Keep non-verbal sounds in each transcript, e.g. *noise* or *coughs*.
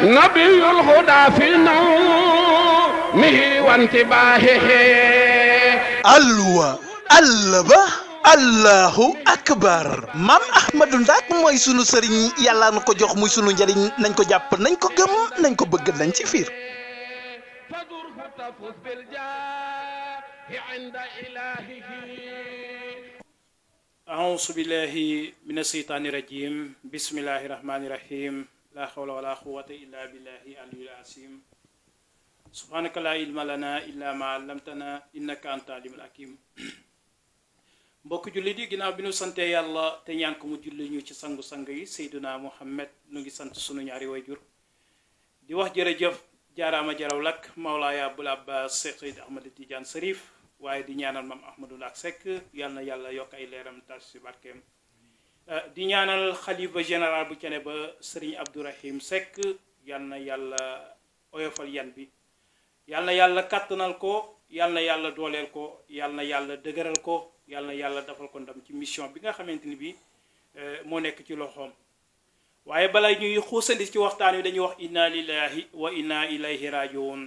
نبي الهدى في نومه وانتباهه akbar maam ahmadou ndak mooy sunu sëriñ yàlla na ko jox muy sunu njariñ nañ ko jàpp nañ ko gëm nañ ko bëgg nañ ci fiir أعوذ بالله من الشيطان الرجيم لا حول ولا قوة إلا بالله العلي العظيم سبحانك لا علم لنا إلا ما علمتنا إنك أنت العليم الحكيم mbokk jullit yi ginnaaw bi ñu sante yàlla te ñaan ko mu julli ñu ci sangu-sang yi Seydina Muhammad nu ngi sant sunu ñaari wayjur di wax jërëjëf jaaraama jaraw lakk Mawlaaya Abul Abbas Seex Seyd Ahmad Tijaan Sarif waaye di ñaanal maam Ahmadul ak Sekk yal na yàlla yokk ay leeram tas si barkeem Euh, di ñaanal xalifa général bu cene ba sëriñ abdourahim Seck yal na yàlla oyofal yan bi yàlla na yàlla kàttanal ko yàlla na yàlla dooleel ko yal na yàlla dëgëral ko yàlla na yàlla defal ko ndam ci mission bi nga xamante ni bi euh, moo nekk ci loxoom waaye bala ñuy xuusandi ci waxtaan wi dañuy wax inna lillahi wa inna ilayhi rajiun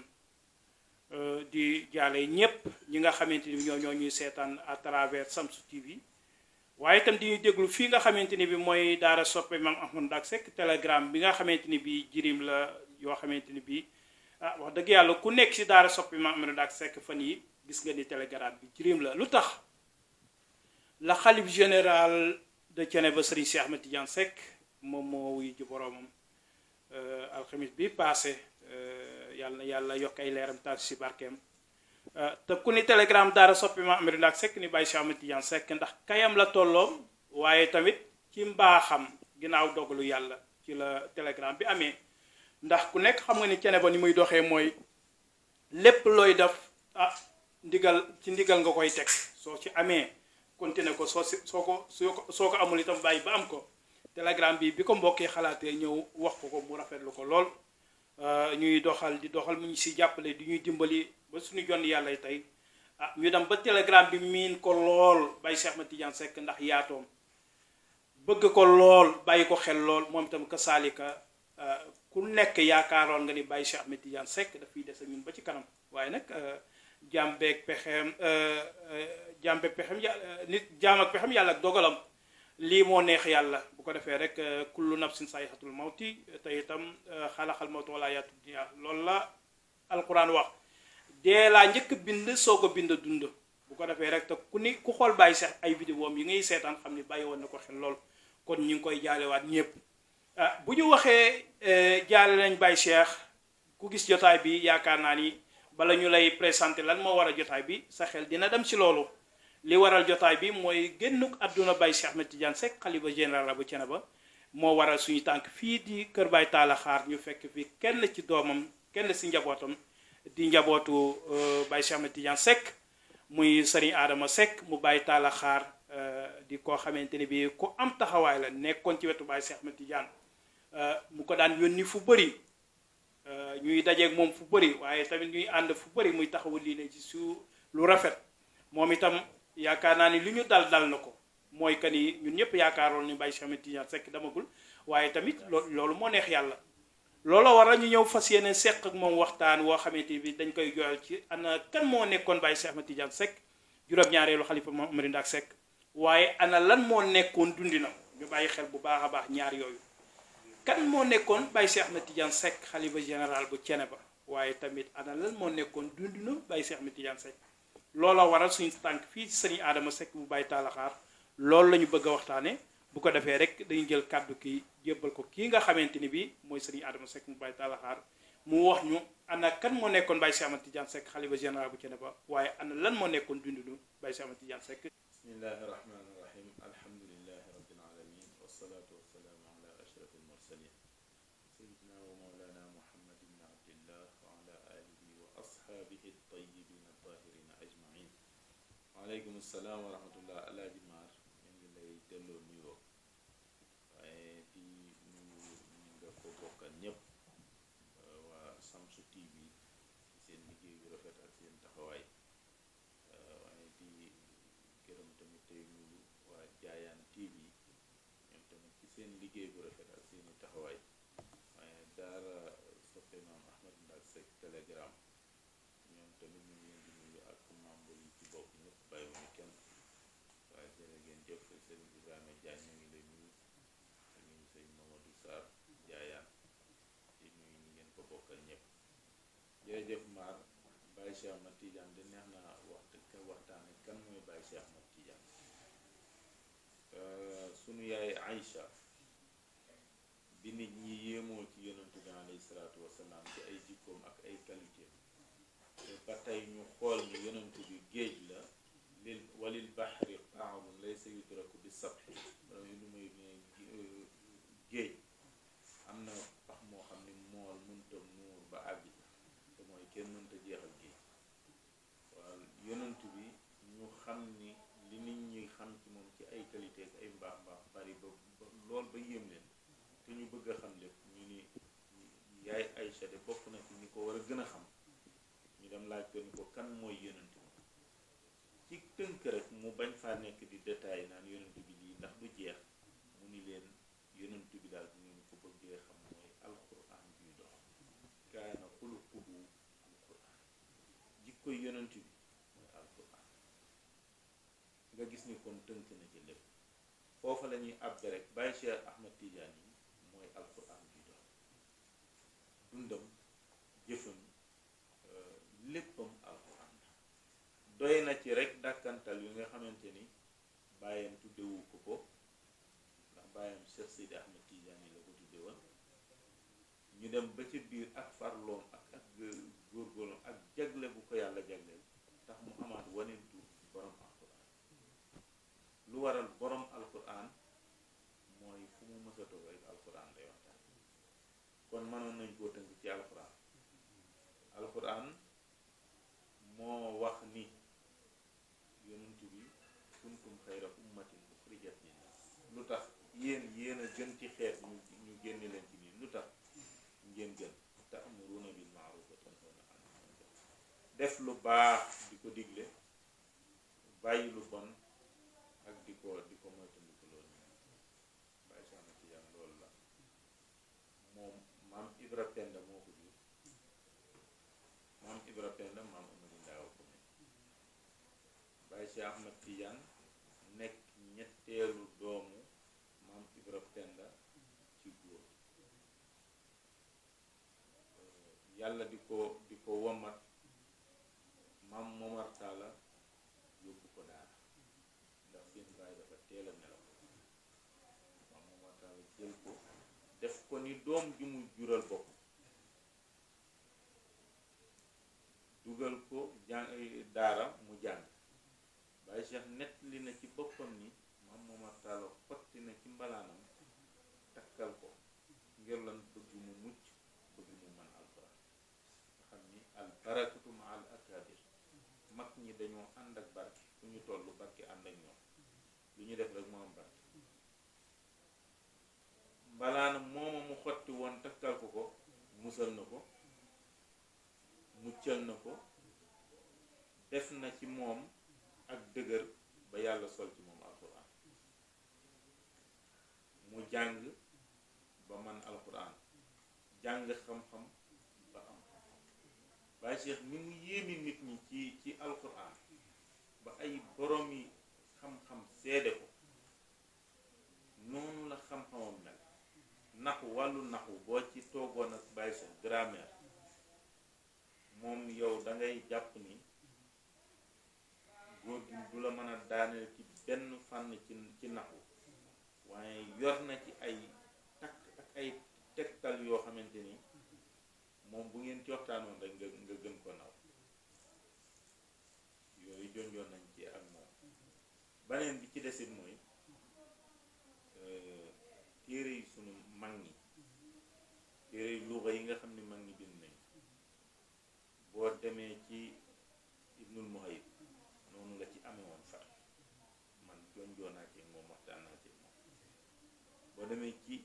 euh, di jaale ñépp ñi nga xamante ni ñoo ñoo ñuy seetaan à travers Shamsu bi waaye itam di ñu déglu fii nga xamante ni bi mooy daara soppe maam Ahmadou Ndack Seck telegram bi nga xamante ni bi jirim la yoo xamante ni bi ah wax dëgg yàlla ku nekk si daara soppe maam Ahmadou Ndack sekk fan yi gis nga ni telegram bi jirim la lu tax la xalif général de ba Serigne Cheikh Ahmed Tidiane Seck moom moo wuy ji boroomam euh, alxamis bi passé euh, yàlla na yàlla yokk ay leeram taal si barkeem te ku ni telegram daara soppi ma Amadou Ndack Seck ni Baye Cheikh Ahmed Tidiane Seck ndax kayam la tolloom waaye tamit ci mbaaxam ginnaaw dogalu yàlla ci la telegram bi amee ndax ku nekk xam nga ni cene ba ni muy doxee mooy lépp looy def ah ndigal ci ndigal nga koy teg soo ci amee continuer ko soo si soo ko soo ko amul itam bàyyi ba am ko telegram bii bi ko mbokki xalaatee ñëw wax ko ko mu rafetlu ko lool Euh, ñuy doxal di doxal mu ñu si jàppale di ñuy dimbali ba suñu jonn yàlla tey ah ñu dem ba telegram bi miin ko lool bay Cheikh Ahmed Tidiane Seck ndax yaatoom bëgg ko lool bàyyi ko xel lool moom itam ka saalika euh, ku nekk yaakaaroon nga ni bay Cheikh Ahmed Tidiane Seck dafiy des ak ñun ba ci kanam waaye nag euh, jaam beeg pexeem jaam beeg nit jaam ak pexem yàlla ak dogalam lii moo neex yàlla bu ko defee rek euh, kullu nafsin sayxatul mawti tey itam euh, xalaxal mawti wala yaatu dunya loolu la alquran wax dee laa njëkk bind soo ko bind dund bu ko defee rek te ku ni ku xool bàyyi seex ay vidéom yi ngay seetaan xam ni bàyyi woon na ko xel lool kon ñi ngi koy jaalewaat ñépp ah bu ñu waxee euh, jaale nañ bàyyi seex ku gis jotaay bi yaakaar naa ni bala ñu lay présenté lan moo war a jotaay bi sa xel dina dem si loolu li waral jotaay bi mooy génn àdduna Baye Cheikh Ahmed Tidiane Seck xalifa général bu ba moo waral suñu tànk fii di Kër Baye Talla Xaar ñu fekk fi kenn ci doomam kenn ci njabootam di njabootu euh, Baye Cheikh Ahmed Tidiane Seck muy sëriñ aadama sekk mu Baye Talla Xaar euh, di koo xamante ne bi ku am taxawaay la nekkoon ci wetu Baye Cheikh Ahmed Tidiane euh, mu ko daan yónni fu bëri ñuy dajeeg moom fu bari waaye tamit ñuy ànd fu bari muy taxawu lii ne ci su lu rafet moom itam yaakaar naa ni lu ñu dal dal na ko mooy que ni ñun ñëpp yaakaaroon ni Baye Cheikh Ahmed Tidiane damagul waaye tamit loolu moo neex yàlla. looloo waral ñu ñëw fas yéene seq ak moom waxtaan woo xamante bi dañ koy jooyal ci ana kan moo nekkoon Baye Cheikh Ahmed Tidiane Seck juróom-ñaareelu xalifa moom Amary Ndack Seck waaye ana lan moo nekkoon dundinam ñu bàyyi xel bu baax a baax ñaar yooyu. kan moo nekkoon Baye Cheikh Ahmed Tidiane Seck xalifa général bu Thiénaba waaye tamit ana lan moo nekkoon dundinam Baye seex Ahmed Tidiane Seck. looloo waral suñu tànk fii ci sëriñ Adama Seck mu bàyyi taalaxaar loolu la ñu bëgg a waxtaane bu ko defee rek dañu jël kàddu ki jébbal ko kii nga xamante ni bii mooy sëriñ Adama Seck mu bàyyi taalaxaar mu wax ñu ana kan moo nekkoon Baye Cheikh Ahmed Tidiane Seck xalifa général bu Thiénaba waaye ana lan moo nekkoon dundinu Baye Cheikh Ahmed Tidiane Seck bismillahi rahmani rahim alhamdulilahi rabbil alamin wasalaatu wasalaamu ala ashraf أصحابه الطيبين الطاهرين أجمعين وعليكم السلام ورحمة الله على جمار من الله يتلو نيو في آه، نيو من دفوقك نيب وسامسو تي بي سين بيجي رفت أرسين تخواي آه، وعيدي كرم تمي تيمو وجايان تي بي سين بيجي رفت أرسين تخواي آه، دار سوفينا محمد ناسك تلغرام jëf sëriñ Ibrahima Diagne ñu maar Baye Cheikh Ahmad neex na waxtu ka kan mooy Baye Cheikh euh, sunu yaay Aïcha bi nit ñi yéemoo ci yonentu bi alayhi salaatu wasalaam ci ay jikkoom ak ay qualité ba tey ñu xool ni yonentu bi géej la وللبحر طعم ليس يدرك بالسبح جي امنا واخ مو خامني مول منت نور با عبد موي كين منت جيخال جي وال يونتو koy yonent bi moy alquran nga gis ni kon teunk na ci lepp foofa lañuy ñuy rek bàyyi Cheikh ahmed Tidiane moy alquran bi do dundam jëfam euh, leppam alquran doy na ci rek dakantal yu nga xamanteni bayam bàyyam tuddewu ko ko ndax bayam Cheikh Sidi ahmed Tidiane la ko tudde woon ñu dem ba ci biir ak farloom ak ak góorgóorlu ak jagle bu ko yàlla jagleel tax mu amaat waneen tuur borom alquran lu waral borom alquran mooy fu mu mës a toog rek lay waxtaan kon mënoon nañ koo tënk ci alquran alquran moo wax ni yonent bi kuntum xayra ummatin uxrijat ni lu tax yéen yéen a gën ci xeet ñu ñu génne leen ci nii lu tax ngeen gën def lu baax di ko digle bàyyi lu bon ak di ko di ko moytandiku loolu bàyyi loolu la moom maam Ibra Penda moo ko jur maam Ibra Penda maam Amari Ndaaw ko ne bàyyi Seex Ahmad nekk ñetteelu doomu maam Ibra Penda ci góor yàlla di ko di ko womat maam Momar Talla yóbbu ko daara ndax seen baay dafa teel nelaw maam Momar Talla ko def ko ni doom ju mu jural bopp dugal ko jàng eh, daara mu jàng Baye Cheikh nettali na ci boppam ni maam Momar Talla xotti na ci mbalaanam takkal ko ngir lan bëgg mu mucc bëgg mu mën alxuraan nga xam ni albaraka mag ñi dañoo ànd ak barke fu ñu toll barke ànd ak ñoom lu ñu def rek mu am barke mbalaana mooma mu xotti woon takkal ko ko musal na ko muccal na ko def na ci moom ak dëgër ba yàlla sol ci moom alxuraan mu jàng ba man alxuraan jàng xam-xam Cheikh ni mu yéeme nit ñi ci ci alquran ba ay borom yi xam-xam seede ko noonu la xam-xamam mel naxu wàllu naxu boo ci toogoon ak bàyyi sa grammaire moom yow dangay jàpp ni góor gi du la mën a daaneel ci benn fànn ci ci naxu waaye yor na ci ay takk ak ay tegtal yoo xamante ni moom bu ngeen ci waxtaanoon rek nga nga gën ko naw yooyu jonjoon nañ ci ak moom baneen bi ci desit mooy euh, téere yi sunu mag ñi téere yu luuxa yi nga xam ne mag ñi bind nañ boo demee ci ibnul muhayib noonu nga ci amewoon far man jonjoon naa ci moom waxtaan naa ci moom boo demee ci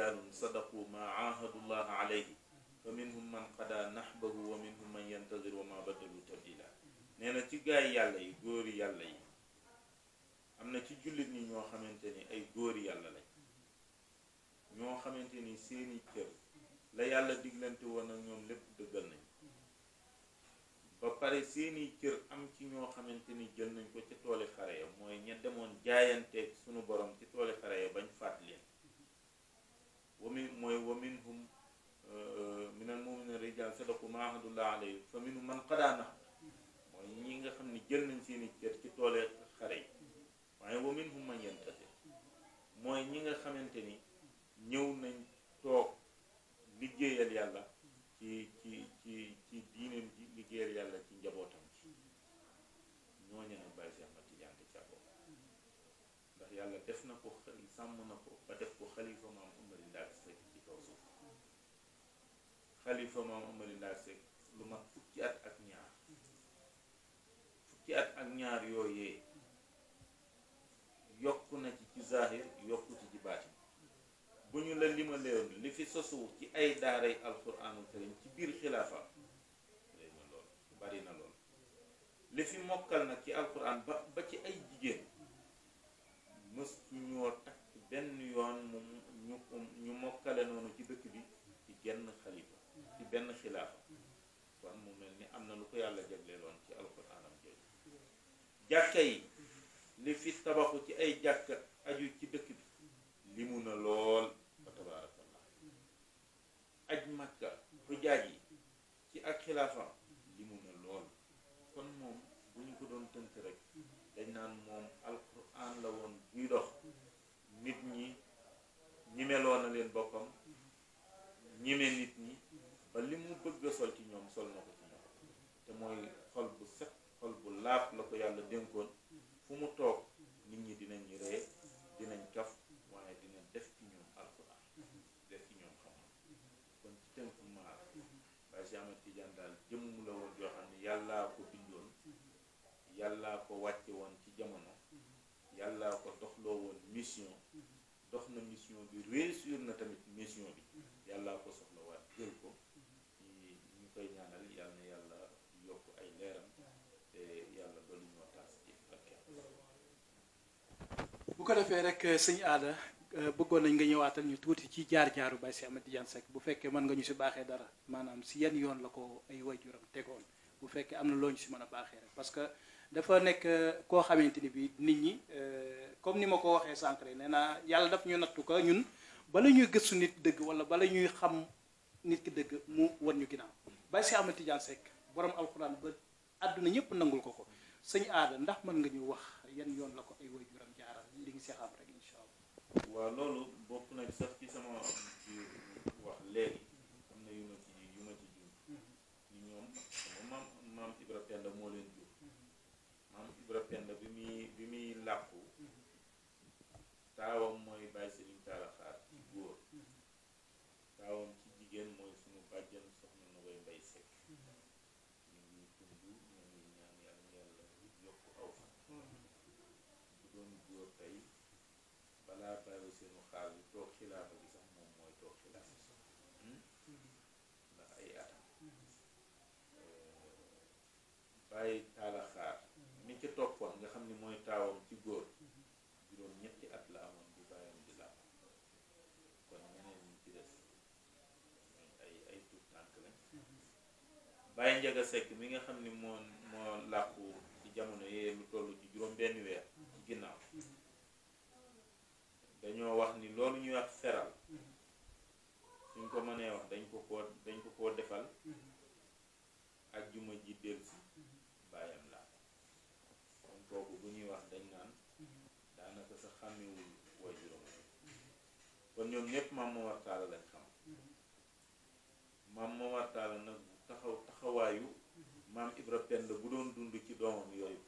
rijalun sadaqu ma ahadullah alayhi fa minhum man qadaa nahbahu wa nee na ci gaay yàlla yi góori yàlla yi am na ci jullit ñi ñoo xamante ni ay góori yàlla lañ ñoo xamante ni seeni cër la yàlla diglante woon ñoom lépp dëggal nañ ba pare seeni cër am ci ñoo xamante ni jël nañ ko ci tooli xare ya mooy ña demoon jaayanteeg sunu borom ci tooli xare ya bañ faat leen ومن ومنهم آه، آه، من المؤمنين رجال صدقوا ما عهد الله عليه فمنهم من قدانا ويجي خمني جل من سيني كتير jaase lu mat fukki at ak ñaar fukki at yokk na ci ci zahir yokku ci ci bu ñu la limalee li fi sosu ci ay daaray alquranul karim ci biir xilaafa léegi na bari na lool li fi mokkal nag ci alquran ba ci ay jigéen mës ñoo takk benn yoon mu ñu mokkale noonu ci dëkk bi ci genn xalifa ci benn xilaafa kon mu mel ni am na lu ko yàlla jagleeloon ci alxuraanam jooju jàkka yi li fi tabaxu ci ay jàkka aju ci dëkk bi limu na lool fa tabaarakallah aj màkka xujaaj yi ci ak xilaafam limu na lool kon moom bu ñu ko doon tënk rek dañ naan moom alxuraan la woon buy dox nit ñi ñimeloo na leen boppam ñime nit ñi ba li mu bëgg a sol ci ñoom sol na ko ci ñoom te mooy xol bu ko defé rek eh, seigne ada eh, bëggoon nañ nga ñëwaatal ñu tuuti ci jaar-jaaru bay Cheikh amadou diane sek bu fekke man nga ñu ci baxé dara manam si yeen yoon la ko ay waajuram tegoon bu fekke amna loñ ci mëna baxé rek parce que dafa nek eh, ko xamanteni bi nit ñi comme ni ma ko waxee sànq rek néna yalla daf ñu nattu ko ñun bala ñuy gëssu nit dëgg wala bala ñuy xam nit ki dëgg mu won ñu ginaaw bay Cheikh amadou diane sek borom alcorane ba aduna ñëpp nangul ko ko seigne ada ndax man nga ñu wax yeen yoon la ko ay waajuram li ñu seexaat rek incha allah. waaw loolu bokk na sax ci sama wax léegi am na yu ma ci yu ma ci jur ñoom sama maam maam Ibra Penda moo leen jur maam Ibra Penda bi muy bi muy làqu taawam mooy bàyyi tey balaa seenu xaal bi toog xilaafa gi moom mooy toog xilaafa hmm? ndax ay atam eh, bàyyi mi nga xam ni mooy taawam ci góor juróom at la amoon bu bàyyam mi nga xam ni moo moo làqu ci jamono yee lu toll ci juróom benn weer ci ginnaaw dañoo wax ni loolu ñuy wax feral mm-hmm. suñ ko mënee wax dañ ko koo dañ ko koo defal mm-hmm. ak juma ji delsi mm-hmm. bàyyam laa kon kooku bu ñuy wax dañ naan daanaka sa xàmmewul waajuram kon ñoom ñépp maam ma wartaala lañ xam maam ma wartaala nag taxaw taxawaayu maam Ibra Penda bu doon dund ci doomam yooyu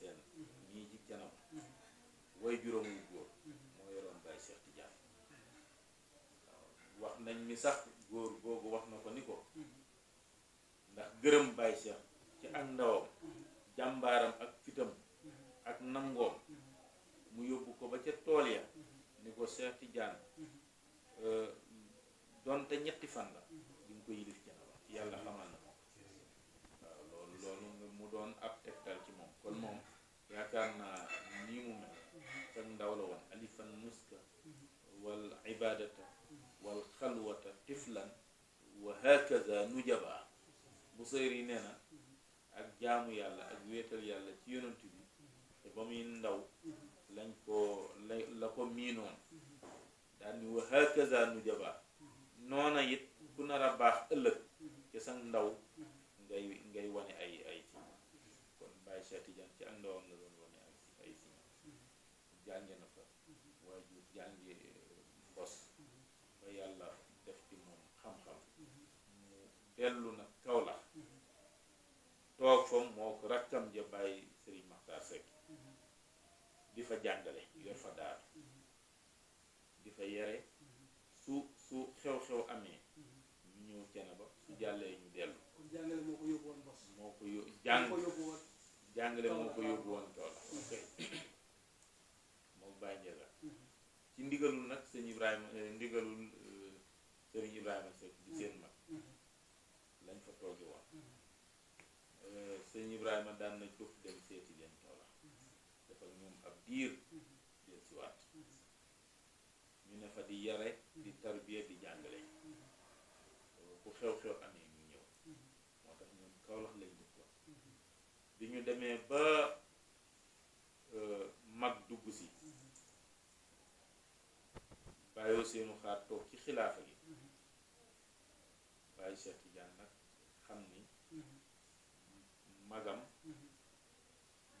seen ñii ji canam way juróom wu góor moo yoroon Baye Cheikh Tidiane wax nañ mi sax góor googu wax na ko ndax gërëm Baye Cheikh ci ak ndawam jàmbaaram ak fitam ak nangoom mu yóbbu ko ba ca tool ya Cheikh Tidiane euh, donte ñetti fan la ko yilif xamal na mu doon ab ci kon yaakaar ah, naa nii mu mel sag ndaw la woon alifan nuska wal ibadata wal xalwata tiflan wa hakaza nujaba bu sëyr ak jaamu yàlla ak wéetal yàlla ci yonent bi te ba muy ndaw lañ ko la ko miinoon daal wa hakaza nujaba noona it ku nar baax ëllëg ca sag ndaw ngay ngay wane ay Cheikh Tidiane ci ak ndawam la doon wane ak ay siñam mm-hmm. jànge na fa mm-hmm. waaye jur jànge mbos eh, mm-hmm. ba yàlla def ci moom xam-xam mu dellu nag kaw la toog fa moo ko rakkam ja bàyyi Sëriñ Maxtaar Seck di fa jàngale yor fa daar di fa yere su su xew-xew amee ñu ñëw cene ba su jàllee ñu jàngale moo ko yóbbu woon la ci ndigalul nag sëñ Ibrahima eh, ndigalul eh, sëriñ Ibrahima Seck di seen mag mm-hmm. Mm-hmm. lañ fa toogi woon mm-hmm. eh, sëñ Ibrahima daan na jóg dem seeti leen toola dafa ñoom ab diir del si waat ñu ne fa di yare di tarbiya di jàngale bu xew-xew amee ñu ñëw moo tax ñoom Kaolack lañ bi ñu demee ba euh, mag dugg si bàyyoo seenu xaar toog ci xilaafa gi bàyyi Cheikh Tidiane nag xam ni magam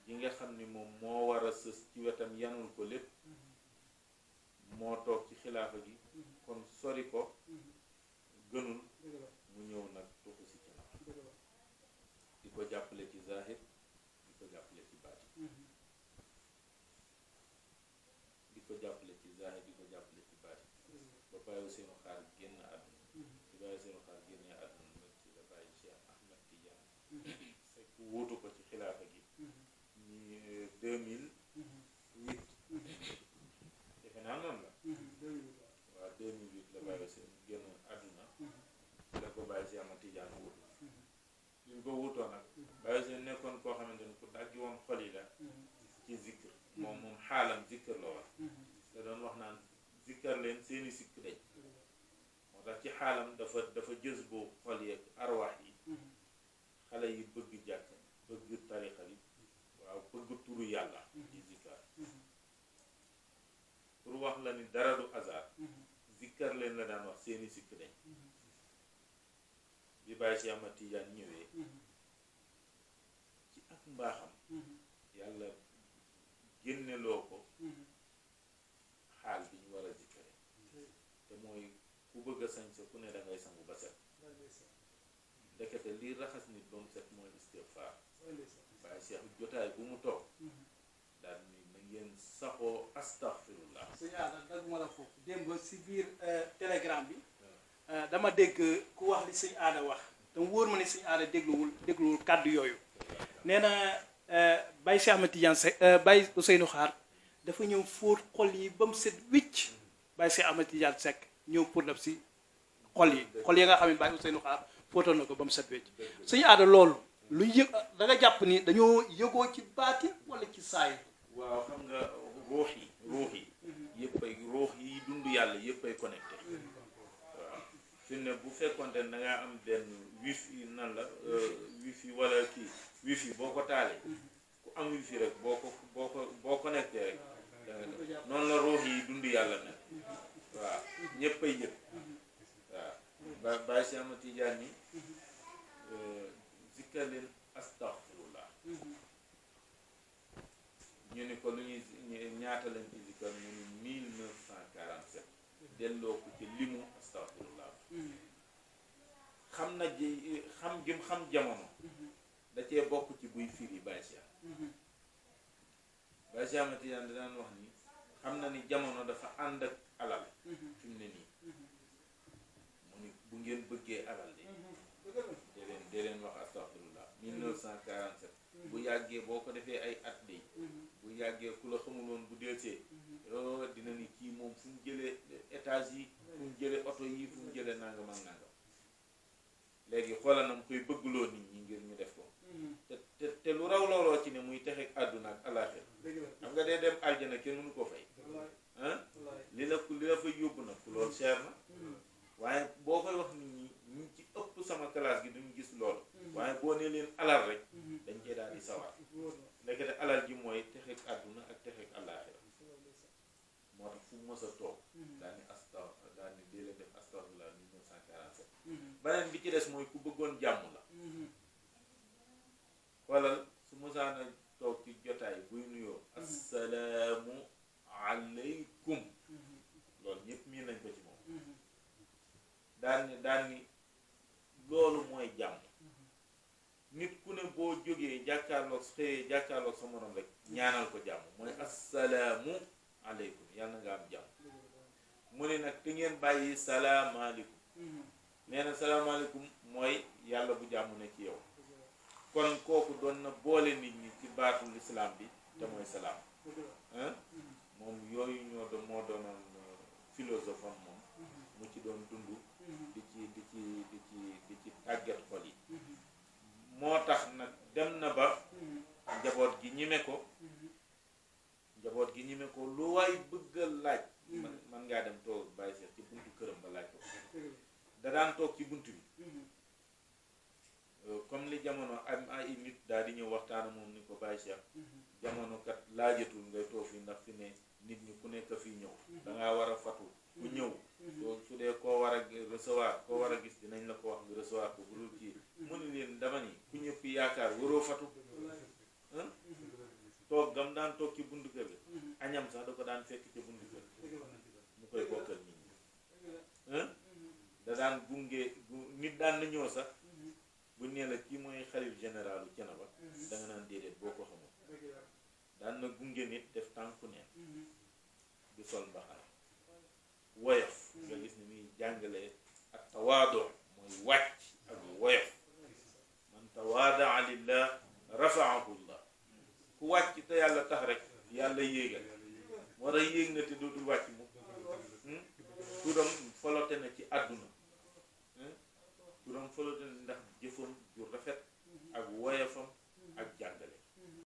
yi nga xam ni moom moo war a sës ci wetam yanul ko lépp moo toog ci xilaafa gi kon sori ko gënul mu ñëw nag tuxu si ci nag di ko jàppale ci zahir ko jàppale ci zahir di ko jàppale ci baati mm-hmm. ba bàyyi seenu xaar génn àdduna di bàyyi seenu xaar génnee la mm-hmm. *coughs* ko mm-hmm. euh, defe naa noonu la bàyyi seen génn àdduna la ko mu ko wuutoo nag bàyyi seen nekkoon koo xamante ku dàggi woon xol yi la ci zikr moom moom xaalam zikr la wax doon wax naan zikkar leen seeni sikk dañ moo tax ci xaalam dafa dafa jës boobu xol yeeg arwaax yi xale yi bëgg jàkk bëgg tarixa bi waaw bëgg turu yàlla di zikkar pour wax la ni dara du hasard zikkar la daan wax seeni sikk dañ bi bàyyi si Ahmad Tijaan ñëwee ci ak mbaaxam yàlla génneloo ko xaal bi ñu war te mooy ku bëgg a sañse ku ne dangay sangu ba set ndekete lii raxas nit ba mu set mooy istigfaar waaye seex jotaay bu mu toog daal ni na saxoo astaxfirullah suñu aada dag ma la foofu démb si biir euh, telegram bi euh, dama dégg ku wax li suñu aada wax dama wóor ma ne suñu aada dégluwul dégluwul kàddu yooyu nee na euh, Baye Cheikh Ahmed Tidiane Seck Baye Ousseynou Xaar dafa ñëw fóot xol yi ba mu set wicc bàyyi si Ahmed Tidiane Seck ñëw pour def si xol yi xol yi nga xam ne bàyyi Ousseynou Xaar fóotoon na ko ba mu set wicc suñu aada loolu lu yëg da jàpp ni dañoo yëgoo ci baati wala ci saay waaw xam nga ruux yi ruux yi mm-hmm. yëpp ay yi dund yàlla yëpp ay connecté waaw fi ne bu fekkonte ne da am benn wifi nan la euh, wifi wala kii wifi boo ko taalee mm-hmm. ku am wifi rek boo ko boo ko boo connecté rek noonu la ruux yi dund yàlla nag waaw ñëpp yëpp waaw ba bàyyi si ama tijaan ni euh, zikkar leen astaxfirullah ñu ni ko lu ñuy ñaata lañ ci zikkar mu ni mille neuf cent quarante sept delloo ko ci limu astaxfirullah xam na ji xam gim xam jamono da cee bokk ci buy firi bàyyi ba Cheikh Matiyaan daan wax ni xam na ni jamono dafa ànd ak alal fi ne nii mu ni bu ngeen bëggee alal de mm-hmm. dee leen dee leen wax astaghfirullah 1947 bu yàggee boo ko defee ay fu mu toog mhm. daal ni astar daal ni dee mhm. bi ci des mooy ku bëggoon jàmm la xoolal mhm. su mësaan toog ci jotaay buy nuyoo assalaamu aleykum loolu ñëpp miin nañ ko ci moom daal ni daal ni loolu mooy jàmm nit ku ne boo jógee jàkkaarloog xëyee jàkkaarloog sa morom rek ñaanal ko jàmm mooy assalaamu aleykum yàlla na nga am jàmm mu ne nag te ngeen bàyyi salaamaaleykum mhm. nee na salaamaaleykum mooy yàlla bu jàmm ne ci yow kon kooku doon na boole nit ñi ci baatu lislaam bi te mooy salaam añam sax da ko daan fekk ci buntu kër mu koy bokkal nit ñi da daan gunge nit daan na ñëw sax bu nee la kii mooy xalif généralu Thiénaba da nga naan déedéet boo ko xamul daan na gunge nit def tànku neen du sol mbaxal woyof nga gis ni muy jàngalee ak tawaado mooy wàcc ak woyof man tawaadaa lillah rafaahu ku wàcc te yàlla tax rek yàlla yéegal war a yéeg na te dootul wàcc mu hmm? turam folote na ci àdduna hmm? turam folote na ndax jëfam ju rafet ak woyafam ak jàng